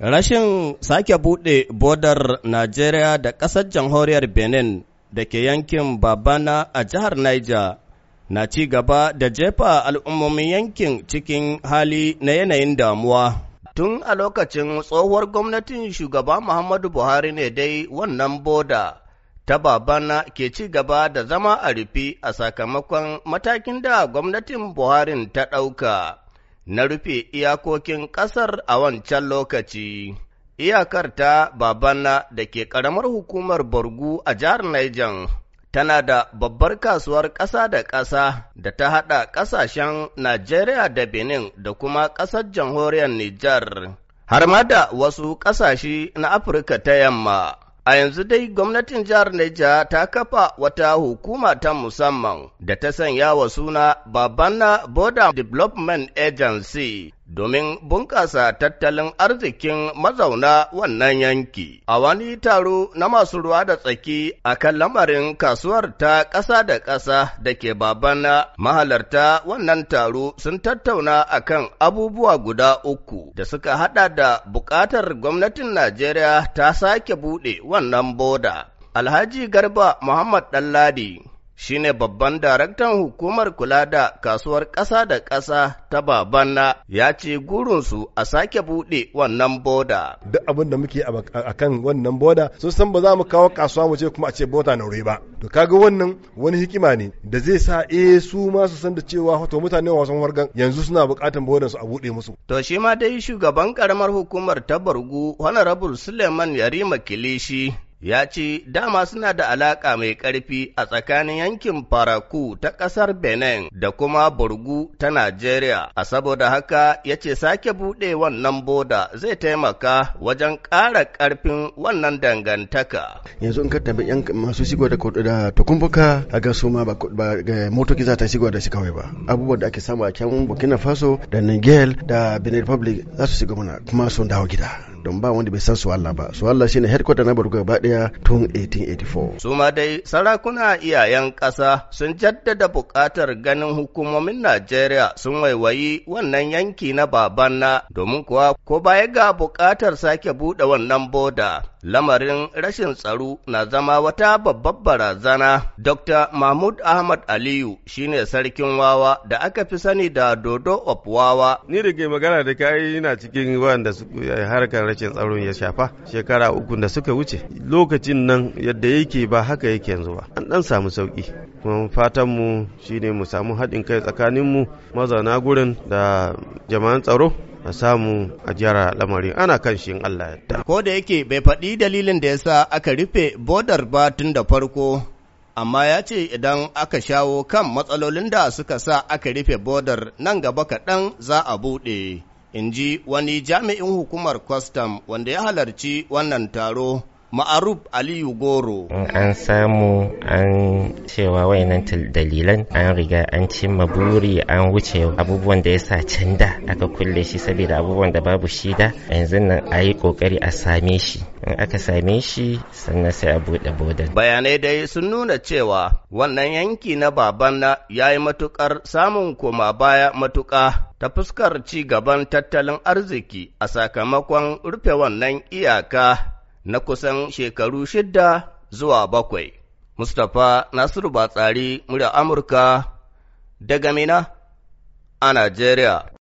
Rashin sake buɗe bodar Najeriya da ƙasar jamhuriyar Benin da ke yankin Babana a jihar Niger na ci gaba da jefa al'ummomin yankin cikin hali na yanayin damuwa. Tun a lokacin tsohuwar gwamnatin shugaba Muhammadu Buhari ne dai wannan boda ta Babana ke ci gaba da zama a rufi a sakamakon matakin da gwamnatin Buhari ta ɗauka. na rufe iyakokin ƙasar a wancan lokaci. Iyakar ta Babana da ke ƙaramar hukumar Borgu a jihar Niger tana da babbar kasuwar ƙasa da ƙasa da ta haɗa ƙasashen Najeriya da Benin da kuma ƙasar jamhuriyar Nijar, har ma da wasu ƙasashe na Afirka ta yamma. A yanzu dai gwamnatin jihar Neja ta kafa wata hukuma ta musamman da ta sanya wa suna Babana Border Development Agency domin bunƙasa tattalin arzikin mazauna wannan yanki. A wani taro na masu ruwa da tsaki a kan lamarin kasuwar ta ƙasa da ƙasa da ke babana mahalarta wannan taro sun tattauna a kan abubuwa guda uku da suka haɗa da buƙatar gwamnatin Najeriya ta sake buɗe wannan boda. Alhaji Garba Muhammad Ɗanladi shine babban daraktan hukumar kula da kasuwar ƙasa da ƙasa ta babanna ya ce gurinsu a sake buɗe wannan boda. Duk abin da muke a kan wannan boda sun san ba za mu kawo kasuwa mu ce kuma a ce bota naure ba. To kaga wannan wani hikima ne da zai sa eh su ma su san da cewa wato mutane wasan wargan yanzu suna buƙatan bodan a buɗe musu. To shi ma dai shugaban karamar hukumar ta Bargu Honorable Suleiman Yarima Kilishi ya ce dama suna da alaƙa mai ƙarfi a tsakanin yankin Faraku ta ƙasar Benin da kuma Burgu ta Najeriya, a saboda haka ya ce sake buɗe wannan boda zai taimaka wajen ƙara ƙarfin wannan dangantaka. Yanzu in ka tabi yan masu shigo da takumbuka a ga su ma ba motoci za ta shigo da shi kawai ba. Abubuwan da ake samu a can Burkina Faso da Niger da Benin Republic za su shigo mana kuma sun dawo gida. don ba wanda bai san su Allah ba su Allah shine headquarter na Baruga gaba daya tun 1884 su ma dai sarakuna iyayen ƙasa sun jaddada buƙatar ganin hukumomin Najeriya sun waiwayi wannan yanki na babanna domin kuwa ko baya ga buƙatar sake buɗe wannan boda lamarin rashin tsaro na zama wata babbar barazana. Dr. Mahmud Ahmad Aliyu shine sarkin wawa da aka fi sani da Dodo of Wawa. Ni da magana da kai yana cikin wanda harkar rashin tsaron ya shafa shekara uku da suka wuce lokacin nan yadda yake ba haka yake yanzu ba an dan samu sauki kuma fatan mu shine mu samu haɗin kai tsakanin mu mazauna gurin da jama'an tsaro a samu a jara lamarin ana kan shi in Allah yadda. Ko da yake bai faɗi dalilin da ya sa aka rufe bodar ba tun da farko amma ya ce idan aka shawo kan matsalolin da suka sa aka rufe bodar nan gaba kaɗan za a buɗe. in ji wani jami'in hukumar kwastam wanda ya halarci wannan taro ma'aruf aliyu goro an samu an cewa wayannan dalilan an riga an cimma buri an wuce abubuwan da ya sa can da aka kulle shi saboda abubuwan da babu shi da yanzu nan ayi yi kokari a same shi in aka same shi sannan sai a buɗe bodan bayanai dai sun nuna cewa wannan yanki na babanna ya yi matukar samun koma baya matuka ta fuskar ci gaban tattalin arziki a sakamakon rufe wannan iyaka na kusan shekaru shidda zuwa bakwai. Mustapha Nasiru Batsari, murya Amurka, daga Mina a Najeriya.